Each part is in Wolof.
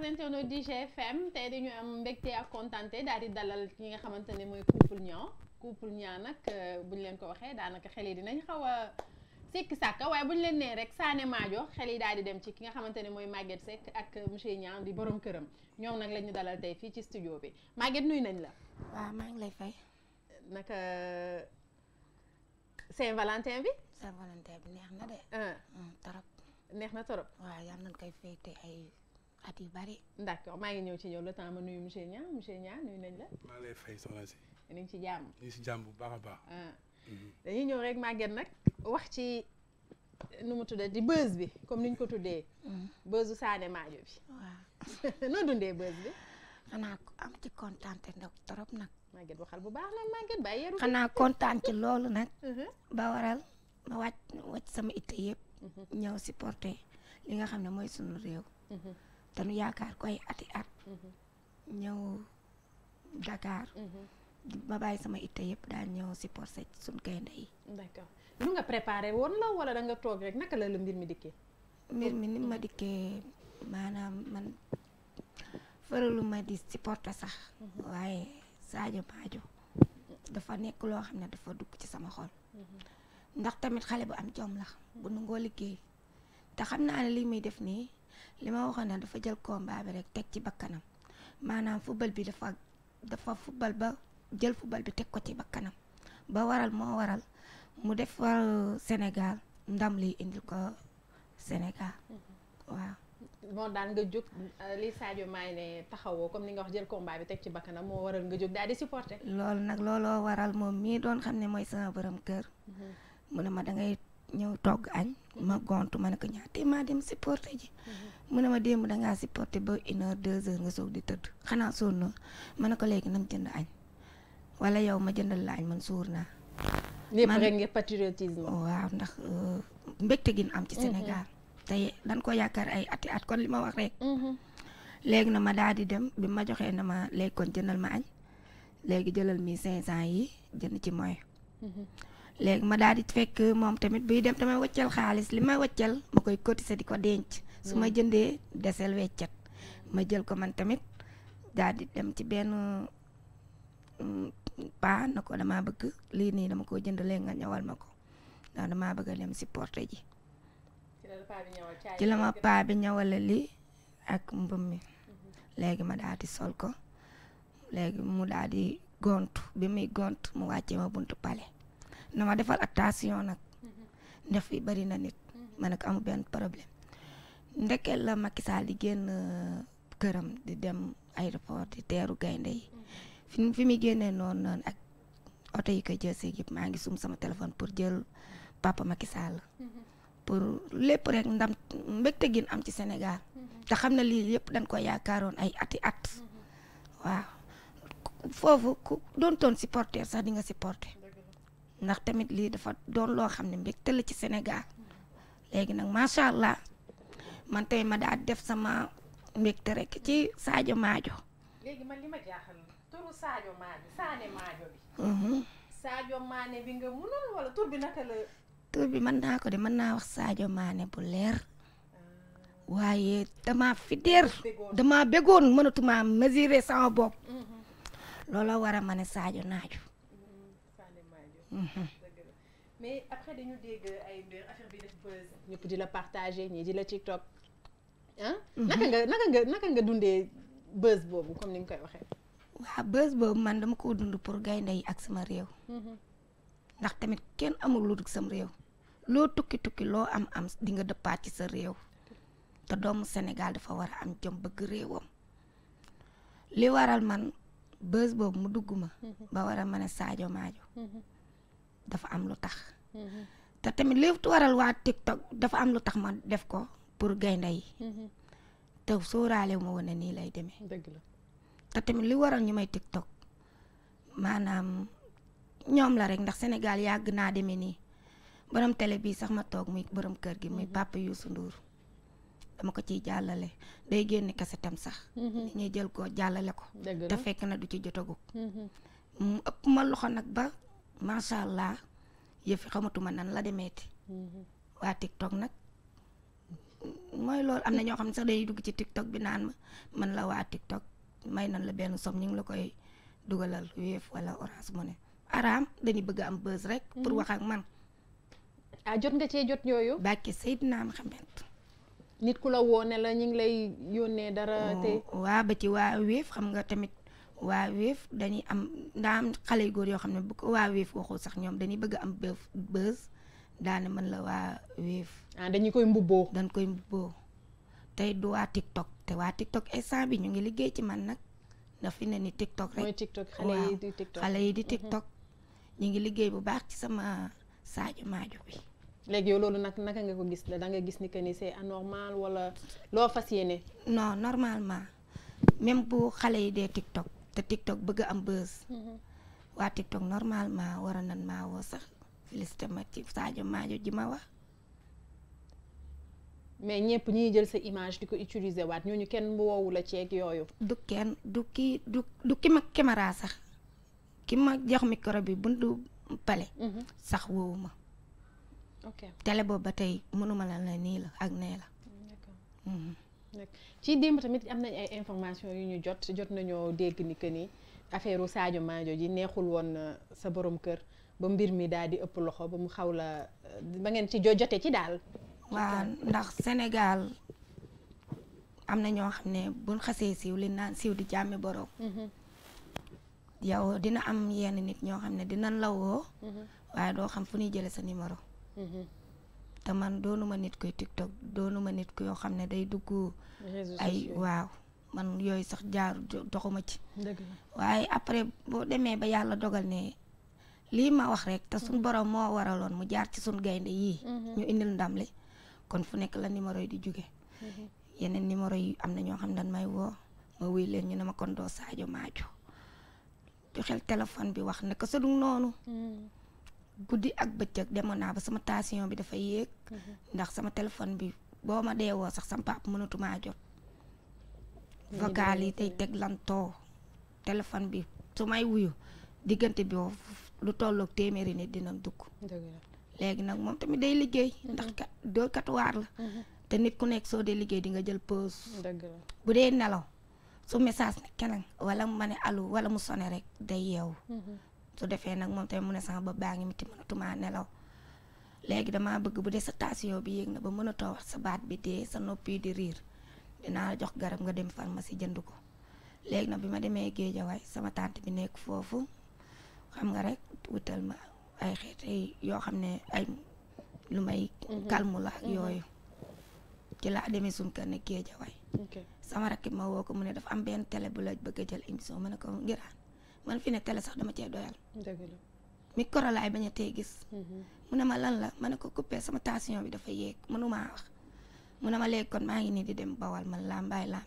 chers internautes di GFM tey dañu am mbégte ak contenté daal di dalal ki nga xamante moy couple ñan couple ñan nak bu leen ko waxé daanaka xel yi dinañ xaw a sekki sàkka waaye bu leen né rek Sané ma jox xélé daal di dem ci ki nga xamante moy Maguette Seck ak monsieur Niang di borom kërëm ñom nak lañu dalal tay fi ci studio bi Maguette nuy nañ la. wa ma ngi lay fay. naka Saint-Valentin bi. Saint-Valentin bi neex na de. torop neex na torop wa yal nañu koy féete ay. at yu bari d' accord maa ngi ñëw ci yow le temps ma nuyu monsieur Niang monsieur Niang nuyu nañ la ma lay fay soxna si ñu ci jàmm ñu ci bu baax a baax ah. mhm. dañuy ñëw rek màgget nak wax ci nu mu tuddee di buzz bi comme niñ ko tuddee mhm. buzzu Sané Madio bi waaw noo dundee buzz bi xanaa am ci kontaan te ndox nak ma màgget waxal bu baax nag màgget bàyyi yeru xanaa kontaan ci loolu nag mhm. ba waral ma wàcc wàcc sama itte yëpp ñëw supporter li nga xam ne sunu réew te nu yaakaar ko ati at. ñëw Dakar. Mhm. ma bàyyi sama it yëpp daal ñëw si porset suñ gaynde yi. d'accord lu nga préparé woon la wala da nga toog rek naka la la mbir mi dikkee. mbir mi ni ma dikkee maanaam man fëralu ma di supporter sax. Mhm. waaye saajo Madio dafa nekk loo xam ne dafa dugg ci sama xol. Mhm. ndax tamit xale bu am jom la bu nangoo liggéey te xam naa ne li muy def nii. lima ma waxoon dafa jël combat bi rek tek ci bakkanam manam football bi dafa dafa football ba jël football bi tek ko ci bakkanam ba waral mo waral mu def senegal ndam li indil ko senegal mm-hmm. waaw. mo dal nga juk euh, li Sadio Mané ne taxawoo comme ni nga wax jël combat bi tek ci bakkanam mo waral nga juk dal di supporter. loolu nak waral mom mi doon xamne moy sama borom keur mm-hmm. mu ne ma da ngay togg añ. ma mm-hmm. gontu man ko ñaatee ma dem supporter ji. mu ne ma démb da ngaa supporté ba une heure deux heures nga soog di tëdd xanaa soon sonn ma ne ko léegi nag jënd añ wala yow ma jëndal la añ man suur naa. lépp rek nga patriotisme. waaw ndax euh, mbégte gin am ci mhm. Sénégal. te dan ko yaakaar ay ati at kon li ma wax rek. Mhm. léegi na ma daal di dem bi ma joxee na ma léegi kon jëndal ma añ léegi jëlal mi cinq cent yi jënd ci mooy. Mhm. léegi ma daal di fekk moom tamit buy dem damay wëccal xaalis li may wëccal ma koy cotiser di ko denc. suma ma mm. jëndee deseel ma jël ko man tamit daal di dem ci benn mm, pa nako dama bëgg li ni dama ko jënd le nga ñawal mako da dama bëgg dem si porte ji ci la ma bi ñawale li ak mbëm mi mm-hmm. légui ma daal di sol ko légui mu daal di gontu bi muy gont mu wàccee ma buntu pale na ma defal attention nak mm-hmm. ndef yi bari na nit mm-hmm. ma ak amu benn problème ndekel la Macky Sall di genn këram di dem aéroport di téru gaynde yi mm-hmm. fi fi muy génnee non ak auto yi ko jëssé yëp ma ngi sum sama téléphone pour jël papa Macky Sall mm-hmm. pour lépp rek ndam mbégte gin am ci Sénégal mm-hmm. te xamna li lii yëpp dañ ko yaakaaroon ay ati at waaw fofu ku doon toon supporter sax di nga supporter ndax tamit li dafa doon nang xamne mbékté la ci Sénégal man tey ma daal def sama mbégte rek ci Sadio Maajo. léegi ma jaaxal turu Sadio Maajo Sané Maajo bi. Mhm. Sadio Mané bi nga mënul bi naka la. tur bi mën naa ko de mën naa wax Sadio maane bu leer. Ah. waaye dama fideer dama bëggoon mënatuma mesurer sama bopp la war a ma ne Sadio mhm, naaju mhm. ay affaire bi def buzz ñëpp la partager ñii ah mhm. naka nga naka nga dundee bës boobu comme ni nga koy waxee waaw bës boobu man dama ko dund pour gaynde yi ak sama réew mhm. ndax tamit kenn amul lu dul sam réew loo tukki tukki loo am am dinga nga dëppaat ci sa réew te doomu senegal dafa war a am jom bëgg réewam li waral man bës boobu mu dugg ma mhm. ba war a mën a Sadio Maajo dafa am lu tax te tamit li waral waa TikTok dafa am lu tax ma def ko pour gaynde yi te sóoraale ma woon ne nii lay demé ta la te tamit li waral ñu may tiktok manam ñom la rek ndax Sénégal yag na demé ni borom télé bi sax ma tok muy borom kër gi muy mm-hmm. papa Youssou Ndour dama ko ci jallalé day génn tam sax mm-hmm. ñi jël ko jallalé ko ta fekk na du ci jotagug mm-hmm. mu ëpp ma loxo nak ba sha allah xamatu ma nan la demeeti wa tiktok nak mooy loolu am na ñoo xam ne sax dañuy dugg ci tiktok bi naan ma man la waa tiktok may nan la benn som ñu ngi la koy dugalal Wave wala Orange Money araam dañuy bëgg am buzz rek. pour mhm. wax ak man. ah jot nga cee jot yooyu. bàkki Seydina Muhammad nit ku la woone la ñu ngi lay yónnee dara. Oh, waa ba ci waa Wave xam nga tamit waa Wave dañuy am ndaa am góor yoo xam ne bu ko waa Wave sax ñoom dañuy bëgg am buzz daane mën la waa Wave. ah dañu koy mbubbo dañ koy mbubbo tay do wa tiktok te wa tiktok instant bi ñu ngi liggéey ci man nak ndax fi ni tiktok rek moy tiktok xalé yi di tiktok xalé yi di mhm. tiktok ñi ngi liggéey bu baax ci sama saaju maaju bi légui yow loolu nak naka nga ko gis la da nga gis ni que ni c'est anormal wala Lo fasiyene non normalement même bu xalé yi dee tiktok te tiktok bëgg am buzz mhm. wa tiktok normalement war a nan maa woo sax félicité ma ci saaju maaju ji ma wax mais ñëpp ñiy jël sa image di ko utiliser waat ñooñu kenn bu woowu la ceeg yooyu. du kenn du ki du du ki ma caméra sax ki ma jox micro bi buntu pale. Mhm. sax woowu ma. ok télé boobu ba tey mënuma la la nii la ak nee la. Mm, mhm. ci démb tamit am nañ ay information yu ñu jot jot nañoo dégg ni que ni affaire Sadio Mané ji neexul woon euh, sa borom kër ba mbir mi daal di ëpp loxo ba mu xaw la euh, ba ngeen ci jote ci daal. waaw ndax Sénégal am na ñoo xam ne buñ xasee siiw li naan siiw di jàmmi borom. Mm-hmm. yow dina am yenn nit ñoo xam ne dinañ la woo. Mm-hmm. waaye doo xam fu ñuy jëlee sa numéro. Mm-hmm. te man doonuma nit koy TikTok doonuma nit ko yoo xam ne day dugg. ay waaw. man yooyu sax jaar doxuma ci waaye après boo demee ba yàlla dogal ne lii ma wax rek te suñ borom moo waraloon mu jaar ci suñ gaynde yii ñu indil ndam li kon fu nekk la numéro yi di jóge mhm. yeneen numéro yi am na ñoo xam dan may woo ma wuy leen ñu ne ma kon doo Sadio Madio xel téléphone bi wax naka sëdu noonu mhm. guddi ak bëccëg demoon naa ba sama tension bi dafa yéeg mhm. ndax sama téléphone bi boo ma dee woo sax sama pap mënatumaa jot vocal yi tey teg lantoo téléphone bi su may wuyu diggante bi lu tolloog téeméeri nit dina dugg légui nak mom tamit day liggéey mm-hmm. ndax do kat war la mm-hmm. té nit ku nek so day liggéey di nga jël pause dëgg la bu nelaw su message ne keneen wala ma alu wala mu soné rek day yew mm-hmm. su défé nak mom tamit mu né sama ba baa ngi miti mënatumaa nelaw légui dama bëgg bu dee sa station bi yéeg na ba mënatoo wax sa baat bi té sa nopi di rir dina la jox garam nga dem pharmacie jënd ko légui nak bima démé demee way sama tante bi nek fofu xam nga rek wutal ma ay yo ay ne ay lu may kalmu mhm. la ak mhm. yooyu ci laa demee ne géejawaay sama rakk ma woko ko dafa am ben télé bu la bëgg jël émission mané ko ngiraan man fi né télé sax dama ci doyal micro laay bañ gis mhm. mune ma lan la mané ko coupé sama tension bi dafa yéeg mënumaa wax mune ma lék kon ma ngi ni di dem bawal man la mbay la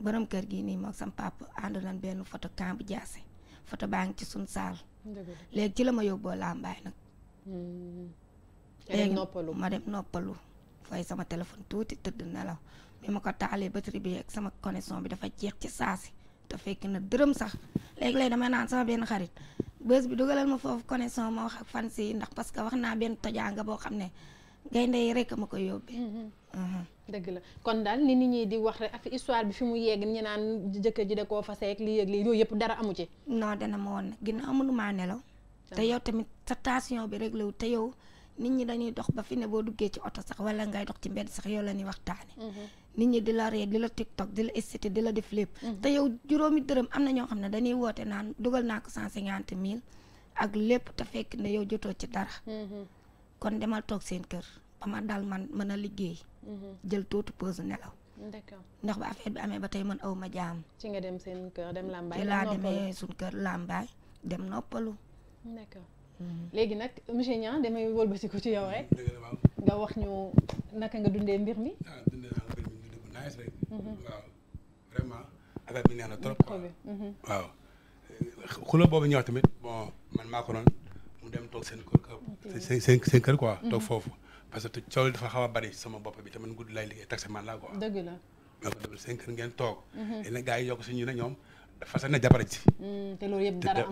borom kër gi ni mo sam papa ànd nañ photo camp jassé foto baa ngi ci suñ saal léegi ci la ma yóbboo làmbaay nag hmm. ma dem noppalu fay sama téléphone tuuti tëdd nelaw bi ma ko taalee ba bi ak sama connexion bi dafa jeex ci saa si te fekk na dërëm sax léegi-léegi dama naan sama benn xarit bës bi dugalal ma foofu connexion ma wax ak fan si ndax parce que wax naa benn tojaanga boo xam ne gaynde yi rek ma ko yóbbee. Mm-hmm. Mm-hmm. dëgg la kon daal ni nit ñi di wax rek ak histoire bi fi mu yegg ñu naan jëkkër ji de koo fase ak lii ak lii yooyu dara amu ci. non dana ma woon nag ginnaaw mënumaa nelaw. te yow tamit sa tension bi réglé wu te yow nit ñi dañuy dox ba fi ne boo duggee ci oto sax wala ngay dox ci mbedd sax yow la ñuy waxtaane mm-hmm. nit ñi di la ree di la tiktok di la incité di la def lépp. te yow juróomi dërëm am na ñoo xam ne dañuy woote naan dugal naa ko cent cinquante ak lépp te fekk ci dara. kon demal toog seen kër ba man daal man man a liggéey. Mhm. jël tuuti pause nelaw. d'accord ndax ba affaire bi amee ba tey man aw ma jaam. ci nga dem seen kër dem Lambaay. laa demee suñ kër Lambaay dem noppalu. d'accord mhm. léegi nag monsieur Niang damay wëlbatiku ci yow rek. nga wax ñu naka nga dundee mbir mi. Ah, mhm. waaw vraiment bi neex na trop. waaw xuloo boobu ñëw tamit bon man maa mu dem toog seen kër seen seen seen kër quoi. toog foofu parce que coow dafa xaw a bari sama bopp bi te man guddi laay liggéey taximan laa quoi. dëgg la mhm. mm, ma ko demal seen kër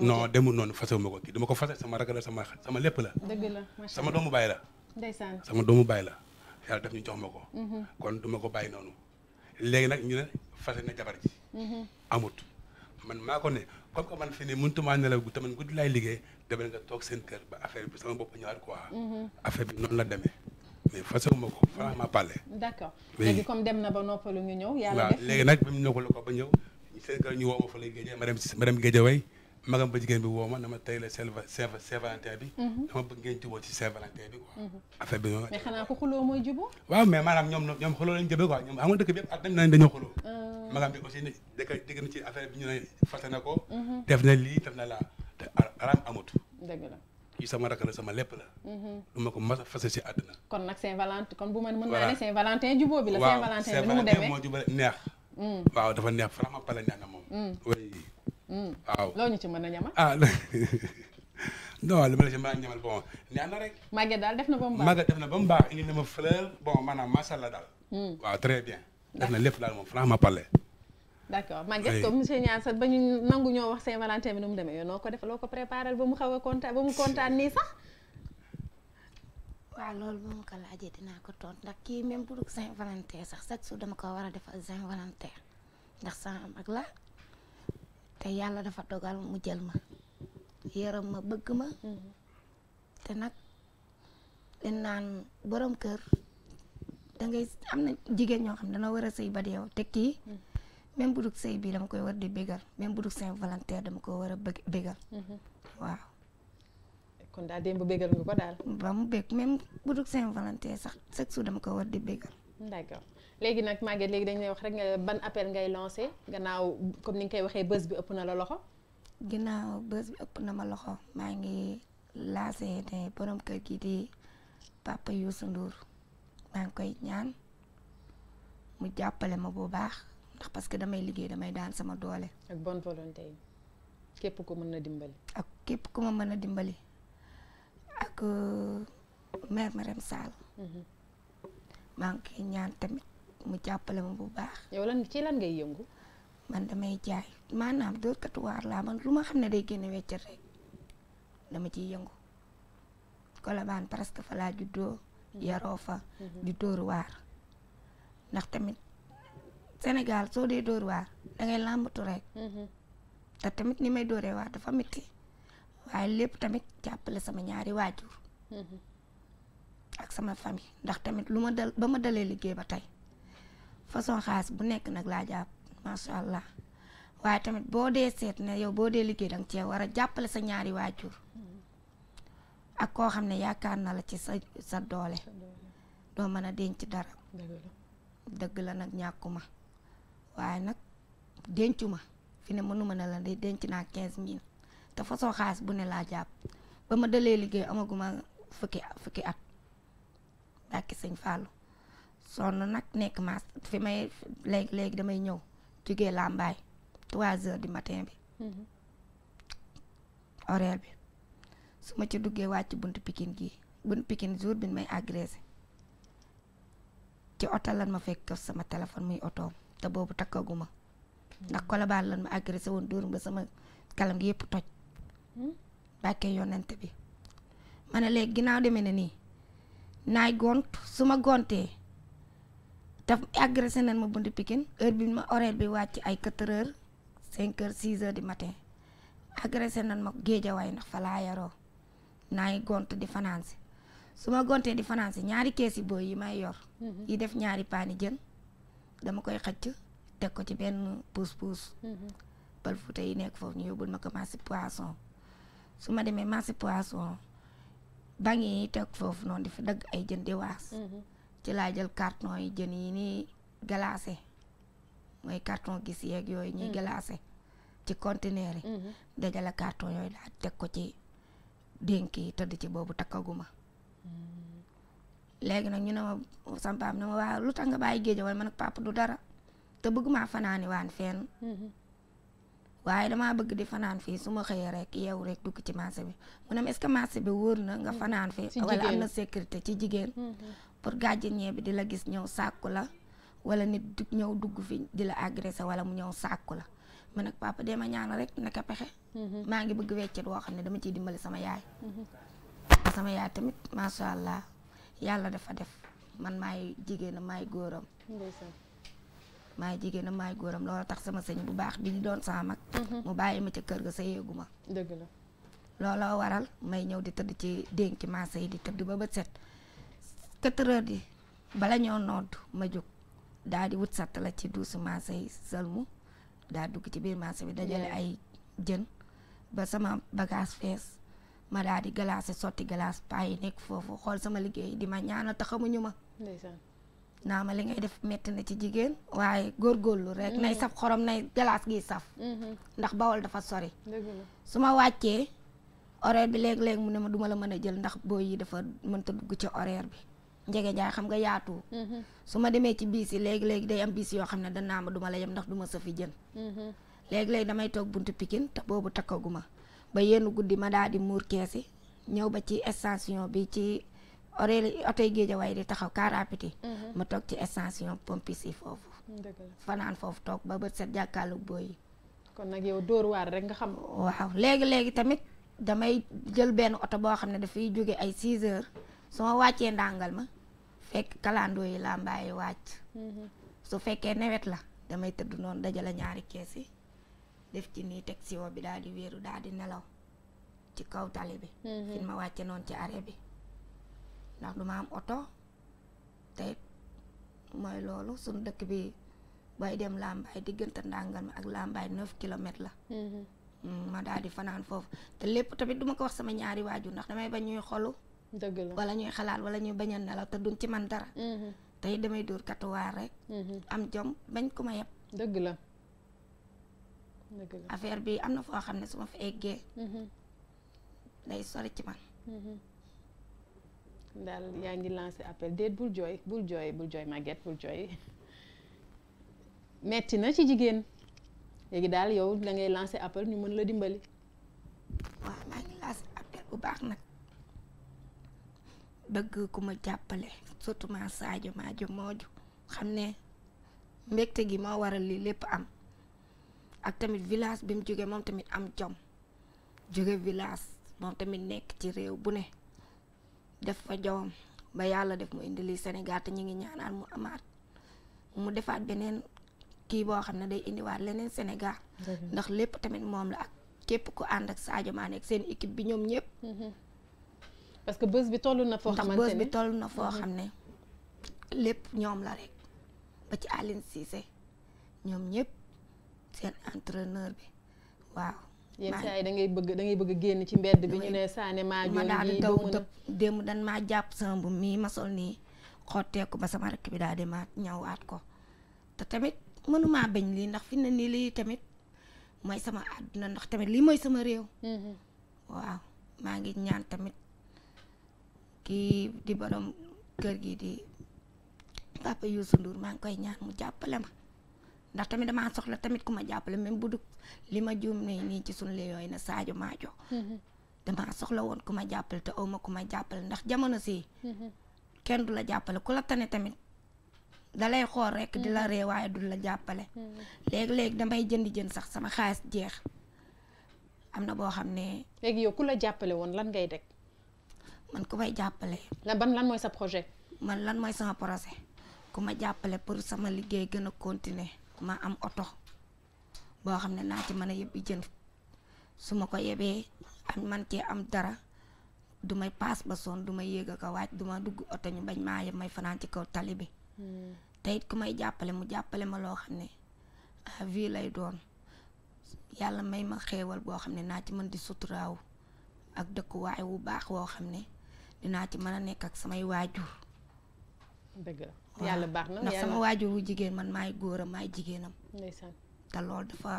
ngeen noonu fasewu ko kii dama ko fase sama ragal sama lépp la. dëgg la sama doomu baay la. ndeysaan sama doomu baay la yàlla def ñu jox ma ko. Mhm. kon duma ko bàyyi noonu. léegi nag ñu ne fase na jabar ji. amut man maa ko ne. comme que man fi nii mënut maa nelaw gu tamit guddi laay liggéey demal nga toog seen kër ba affaire bi sama bopp ñëwaat quoi. Mm-hmm. affaire bi noonu la demee. mais façon ma ko faram a parlé. d'accord léegi comme dem na ba noppalu ñu ñëw. yàlla def waaw léegi nag bi mu noppaloo ko ba ñëw seen kër ñu woo ma fa lay géejee ma dem ma dem géejee way magam ba jigéen bi woo ma na ma tey la Saint Valentin bi. Mhm. dama bëgg ngeen jubóo ci Saint Valentin bi quoi. Mhm. affaire bi bi yëpp at euh. na ne fàtte na ko. Mhm. def na lii def na laa te sama rakk sama lépp la. lu ma ko mas a si àdduna. kon nag Saint Valentin kon bu ma mën naa ne Saint Valentin bi la. Saint Valentin bi mu demee waaw Saint Valentin neex. Mm. waaw dafa neex vraiment pare neex Hmm. waaw loo ñu ci mën a ñamal. ah non li ma la ci mën a ñamal bon neex na rek. Maguette daal def na ba mu baax def na ba mu baax indi na ma fleur bon maanaam macha allah daal. Hmm. waaw très bien. def na lépp daal moom franchement parler. d'accord Maguette comme monsieur Niang sax ba ñu nangu ñoo wax Saint-Valentin bi nu mu demee yow noo ko def loo ko préparé ba mu xaw a kontaan ba mu kontaan nii sax. waaw loolu bu ma ko laajee dinaa ko ton ndax kii même bu dul Saint-Valentin sax chaque jour dama ko war a defal Saint-Valentin ndax saa ak la. te yàlla dafa dogal mu jël ma yërëm ma bëgg ma mm-hmm. te nag dañ naan borom kër da ngay am na jigéen ñoo xam dana war a sëy ba deew te kii mm-hmm. même bu dul bii dama koy war di bégal même bu dul Saint-Valentin dama ko war a bëgg bégal mm-hmm. waaw kon daal démb bégal nga ko daal ba mu bég même bu dul Saint-Valentin sax chaque su dama ko war di bégal léegi nag Maguette léegi dañ lay wax rek nga ban appel ngay lancé gannaaw comme ni nga koy waxee bës bi ëpp na la loxo. ginnaaw bës bi ëpp na ma loxo maa ngi lancé ne borom kër gi di papa Youssou Ndour maa ngi koy ñaan mu jàppale ma bu baax ndax parce que damay liggéey damay daan sama doole. ak bonne volonté yi képp ko mën na dimbali. ak képp ku ma mën a dimbali ak euh, mère Marème Sall. Mhm. maa ngi koy ñaan tamit. mu jàppale ma bu baax. yow lan ci lan ngay yëngu. man damay jaay maanaam dóor laa man lu ma xam ne day génne weccat rek dama ci yëngu. Colobane presque fa laa juddoo mhm. yaroo fa. Mhm. di dóor waar. ndax tamit Sénégal soo dee dóor waar da làmbatu rek. Mhm. te tamit ni may dóoree waar dafa metti waaye lépp tamit jàppale sama ñaari waajur. ak sama famille ndax tamit lu ma dal ba ma dalee liggéey ba tey. façon xaas bu nekk nag laa jàpp macha allah waaye tamit boo dee seet ne yow boo dee liggéey danga cee war a jàppale sa ñaari waajur ak koo xam ne yaakaar na la ci sa sa doole doo mën a denc dara dëgg la nag ñàkkuma waaye nag dencuma fi ne mënuma ne la de denc naa quinze mille te façon xaalis bu ne laa jàpp ba ma delee liggéey amaguma fukki fukki at bàkki sëñ Fallou sonn nag nekk maas fi may léegi léegi damay ñëw jugee làmbaay trois heures du matin bi mm-hmm. horaire bi su ma ci duggee wàcc bunt pikin gii buntu pikin jour bi may agressé ci oto lan ma fekk sama téléphone muy oto te boobu takkaguma mm-hmm. ndax Colobane lan ma agressé woon dóor ba sama kalam gi yëpp toj mm-hmm. bàkkee yonent bi ma ne léegi ginnaaw demee ne nii naay gont su ma gontee daf agressé nañ ma bunt pikin heure bi ma horaire bi wàcc ay 4 heures 5 heures 6 heures du matin agressé nañ ma géejawaay ndax fa laa yaroo gont di finance suma ma di finance ñaari kesi yi yi may yor mhm. yi def ñaari paani jën dama koy xëcc teg ko ci ben puus puus mhm. bal fuute yi nek foofu ñu yóbbul ma ko marché poisson suma ma marché poisson bangi yi teg foofu di fa dëgg ay di waas mhm ci laa jël carton yi jën yi ni glacé mooy carton gis yeeg yooyu ñuy mm. glacé ci conteneur yi mm-hmm. dajala carton yooyu laa teg ko ci dénk yi tëdd ci boobu takkaguma mm-hmm. léegi nag ñu ne ma sama paam ne ma waa lu tax nga bàyyi géej man papa du dara te bëgguma maa fanaani waan fenn mm-hmm. waaye dama bëgg di fanaan fii su ma xëyee rek yow rek dugg ci marché bi mu ne est-ce que marché bi wóor na nga fanaan fi wala am na sécurité ci jigéen pour gardien bi di la gis ñëw sàkku la wala nit du ñëw dugg fi di la agressé wala mu ñëw sàkku la ma nag papa dee ma rek naka pexe. Mm-hmm. maa ngi bëgg weccet woo xam ne dama ciy dimbali sama yaay. Mm-hmm. sama yaay tamit macha allah yàlla dafa def man maay jigéenam maay góoram. maay jigéenam maay góoram loolu tax sama sëñ bu baax bi ñu doon sama mag. Mm-hmm. mu bàyyi ma ca kër ga sa yéegu ma. dëgg la looloo waral may ñëw di tëdd ci dénki maa sey di tëdd ba bët set. 4 di bala ñoo nodd ma juk daal di wut sat la ci douce ma sey sëlmu da dugg ci bir maase bi dajale ay jeun ba sama bagage fess ma daal di galaase sotti galaas paa yi nekk sama liggey di ma ñaanal te xamuñu ma Nama li ngay def metti na ci jigéen gor góorgóorlu rek mm-hmm. nay saf xorom nay glace gi saf mm-hmm. ndax bawol dafa sori suma wacce horaire bi leg leg mu ne ma duma la meuna jël ndax boy yi dafa meunta dugg ci horaire bi njege njaay xam nga yaatu. Mm-hmm. su ma demee ci biis yi léegi léegi day am biis yoo xam ne danaa ma duma la yem ndax duma safi jën. Mm-hmm. léegi léegi damay toog buntu pikin te boobu takkaguma ba yenn guddi ma daal di muur keesi ñëw ba ci station bi ci oreille oto yi géejawaay di taxaw car rapide. Mm-hmm. ma toog ci station pompis yi foofu. fanaan foofu toog ba bët set jàkkaarloog booy yi. kon nag yow dóor waar rek nga xam. waaw léegi léegi tamit damay jël benn oto boo xam ne dafay jóge ay 6 heures su wàccee ndàngal ma. fekk kalandoo yi laa mbaay mm-hmm. su fekkee nawet la damay tëdd noonu dajale ñaari kees yi def ci nii teg siwo bi daal di wéeru daal di nelaw ci kaw tali bi mm-hmm. fi ma wàcce noonu ci arrêt bi ndax duma am oto tey mooy loolu suñu dëkk bi bay dem làmbaay diggante ndàngal mi ak làmbaay neuf kilomètres la mm-hmm. mm, ma daal di fanaan foofu te lépp tamit duma ko wax sama ñaari waajur ndax damay bañ ñuy xolu dëgg la wala ñuy xalaat wala ñuy bañ a nelaw te ci man dara. Mm-hmm. tey damay dóor katuwaar rek. Mm-hmm. am jom bañ ku ma yeb. dëgg la. dëgg la affaire bi am na foo xam ne su ma fa eggee. Mm-hmm. day sori ci man. daal yaa ngi lancé appel déet bul jooy bul jooy bul jooy Maguette bul jooy metti na ci jigéen léegi daal yow dangay ngay lancé appel ñu mën la dimbali. waaw maa ngi lancé appel bu baax nag. bëgg ku ma jàppale surtout ma Sadio Madio mooju xam ne mbégte gi moo waral lii lépp am ak tamit village bi mu jógee moom tamit am jom jóge village moom tamit nekk ci réew bu ne def fa jowam ba yàlla def mu indi lii Sénégal te ñu ngi ñaanaat mu amaat mu defaat beneen kii boo xam ne day indiwaat leneen Sénégal ndax lépp tamit moom la ak képp ku ànd ak Sadio Mané ak seen équipe bi ñoom ñëpp mhm. parce que bés bi toll na foo xamante bi toll na foo mhm. xam ne lépp ñoom la rek ba ci Aline Cissé ñoom ñëpp seen entraîneur bi waaw. ngay bëgg da bëgg génn ci mbedd bi ñu ne Sané maa maa jàpp sama mii ma nii xotteeku ba sama rakk bi daal di ma lii ndax fi nii lii tamit mooy sama àdduna ndax tamit lii mooy sama réew. Mhm. waaw maa ngi ñaan tamit. kii di borom kër gi di papa Youssou Ndour maa ngi koy ñaan mu jàppale ma ndax tamit damaa soxla tamit ku ma jàppale même bu dul li ma juum ne nii ci sunu yooyu na Sadio Maajo mm-hmm. damaa soxla woon ku ma jàppale te aw ku ma jàppale ndax jamono si mm-hmm. kenn du la jàppale ku la tane tamit dalay xool rek di la mm-hmm. ree waaye du la jàppale léegi-léegi damay jënd jën sax sama xaalis jeex am na boo xam ne léegi yow ku la jàppale woon lan ngay dek man ku may jàppale. lan ban lan mooy sa projet. man lan mooy sama projet ku ma jàppale pour sama liggéey gën a continuer ma am oto boo xam ne naa ci mën a yebbi jën su ma ko yebee am man cee am dara du may paas ba sonn du may yéeg a ko waaj duma dugg oto ñu bañ maa yeb may fanaan ci kaw tali bi. Hmm. te ku may jàppale mu jàppale ma loo xam ne ah, vie lay doon yàlla may ma xéewal boo xam ne naa ci mën di suturaawu ak dëkkuwaay wu baax woo xam ne. dinaa ci mën a nekk ak samay waajur. dëgg la baax na ndax sama waajur wu jigéen man maay góoram maay jigéenam. ndeysaan te lool dafa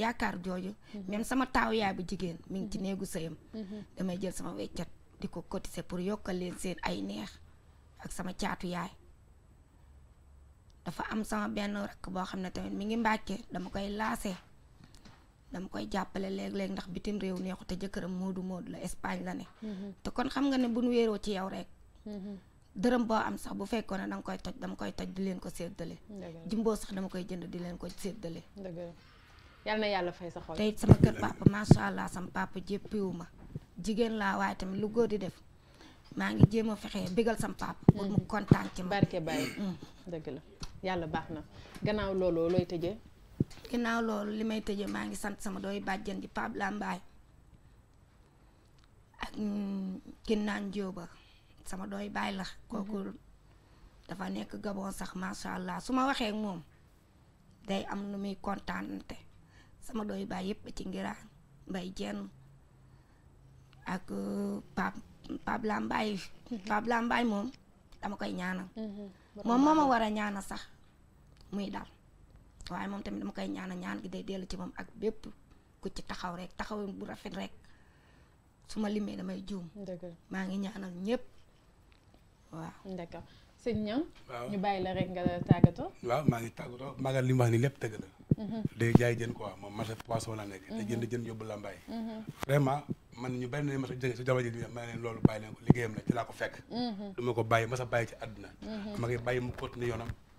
yaakaar jooju. Mhm. même sama taaw yaay bu jigéen mi ngi ci mhm. néegu sëyam. Mhm. damay jël sama weccat di ko cotiser pour yokkal leen seen ay neex ak sama caatu yaay. dafa am sama benn rakk boo xam ne tamit mi ngi mbàkkee dama koy laasee. dama koy jàppale léeg-léeg ndax bitim réew neexu te jëkkëram moodu moodu la Espagne la ne mhm. te kon xam nga ne bu nu wéeroo ci yow rek mhm. dërëm boo am sax bu fekkoon ne danga koy toj dama koy toj di leen ko séddale jimboo sax dama koy jënd di leen ko séddale yal na yàlla fay sa xol sama kër papa macha allah sama papa jéppiwu ma jigéen laa waaye tamit lu góor di def maa ngi jéem a fexe bégal sama papa pour mu mhm. kontaan ci ma barke bàyyi mm. la yàlla baax na gannaaw loolu looy tëjee ginaaw loolu li may tëjee maa ngi sant sama doy bàjjan di pab Lambaay ak mm, ginnaan jóoba sama doy bàyyi la kooku mhm. dafa nekk Gabon sax macha allah su ma waxee moom day am nu muy kontaante sama doy bàyyi yep ci ngiraan mbay jenn ak pab uh, pab Lambaay mhm. pab Lambaay moom dama koy ñaanal mhm. moom moo ma war a ñaanal sax muy dal waaye moom tamit dama koy ñaanal ñaan gi day dellu ci moom ak bépp ku ci taxaw rek taxaw bu rafet rek su ma limee damay juum. dëgg la maa ngi ñaanal ñëpp waaw. d'accord sëñ Niang. waaw ñu bàyyi la rek nga tàggatoo. waaw maa ngi tàggatoo magal li wax nii lépp dëgg la. Mhm. day jaay jën quoi moom marché poisson laa nekk. te jënd mhm. jën yóbbu Lambaye. Mhm. vraiment man ñu bari nañu ma sa sa jabar ji ma leen loolu bàyyi leen ko liggéeyam la ci laa ko fekk. du ko bàyyi ma sa bàyyi ci àdduna. ma ngi bàyyi mu continuer yoonam.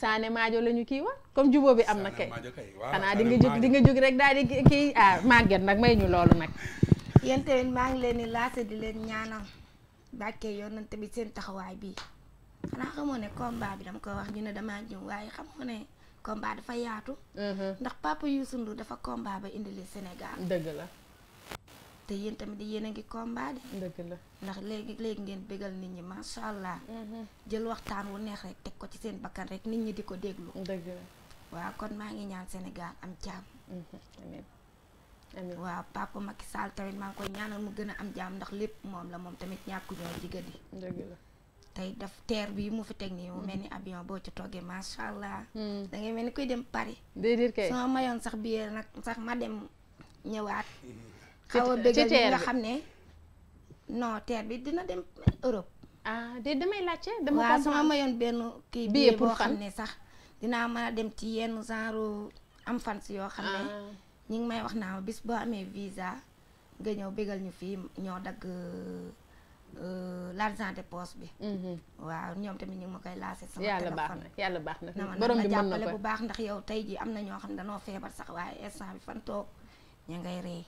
Sané Maajo la ñu kii wax comme jubóo bi am na kay xanaa di jóg di nga jóg rek daal di kii ah màgget nag may ñu loolu nag yéen maa ngi leen di laase di leen ñaanal bàkkee yonante bi seen taxawaay bii xanaa xamoo ne combat bi dama koy wax ñu ne damaa ñëw waaye xamoo ne combat dafa yaatu mm-hmm. ndax Papa Youssou Ndour dafa combat ba indi li Sénégal dëgg la te yéen tamit yéen a ngi combat de. la ndax léegi léegi ngeen bégal nit ñi macha allah. Mm-hmm. jël waxtaan wu neex rek teg ko ci seen bakkan rek nit ñi di ko déglu. dëgg waaw kon maa ngi ñaan senegal am jàmm. Mm-hmm. waaw papa Macky Sall tamit maa ngi koy ñaanal mu gën a am jàmm ndax lépp moom la moom tamit ñàkk ñoo jigadi. dëgg la tey daf teer bii mu fi teg nii mu mel ni abion boo ci toggee macha allah. Mm. da ngay mel ni kuy dem Paris. déedéet kay mayoon sax biir nag sax ma dem ñëwaat. awa bégal ñi xam ne non terre bi dina dem Europe ah de damay laajte dama waaw sama mayoon benn kii billet boo xam ne sax dinaa ma dem ci yenn genre am fans yoo xam ne ah. ñi ngi may wax naa bis boo amee visa nga ñëw bégal ñu fii ñoo dagg euh, l'argent de poche bi. Mhm. waaw ñoom tamit ñu ngi ma koy laasé. sama téléphone yàlla baax na yàlla baax na borom bi mën na ko jàppale bu baax ndax yow tey ji am na ñoo xam ne danoo feebar sax waaye instant bi fan toog ngay rey.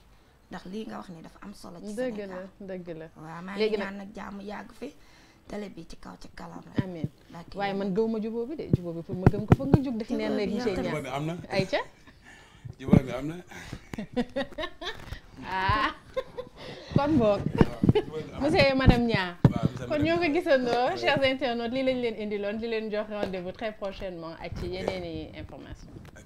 ndax lii nga wax ni dafa am solo. ci Sénégal dëgg la dëgg la. waaw maa ngi ñaan nag jàmm yàgg fi. télé bi ci kaw ci kalam la. waaye man gëw ma jubóo bi de jubóo bi pour ma gëm ko foog nga jub def neen na gisee ñaar jubóo bi am na ay ca jubóo bi am na ah kon boog monsieur madame Niang kon ñoo ko gisandoo chers internautes lii lañ leen indiloon di leen jox rendez-vous très prochainement ak ci yeneen information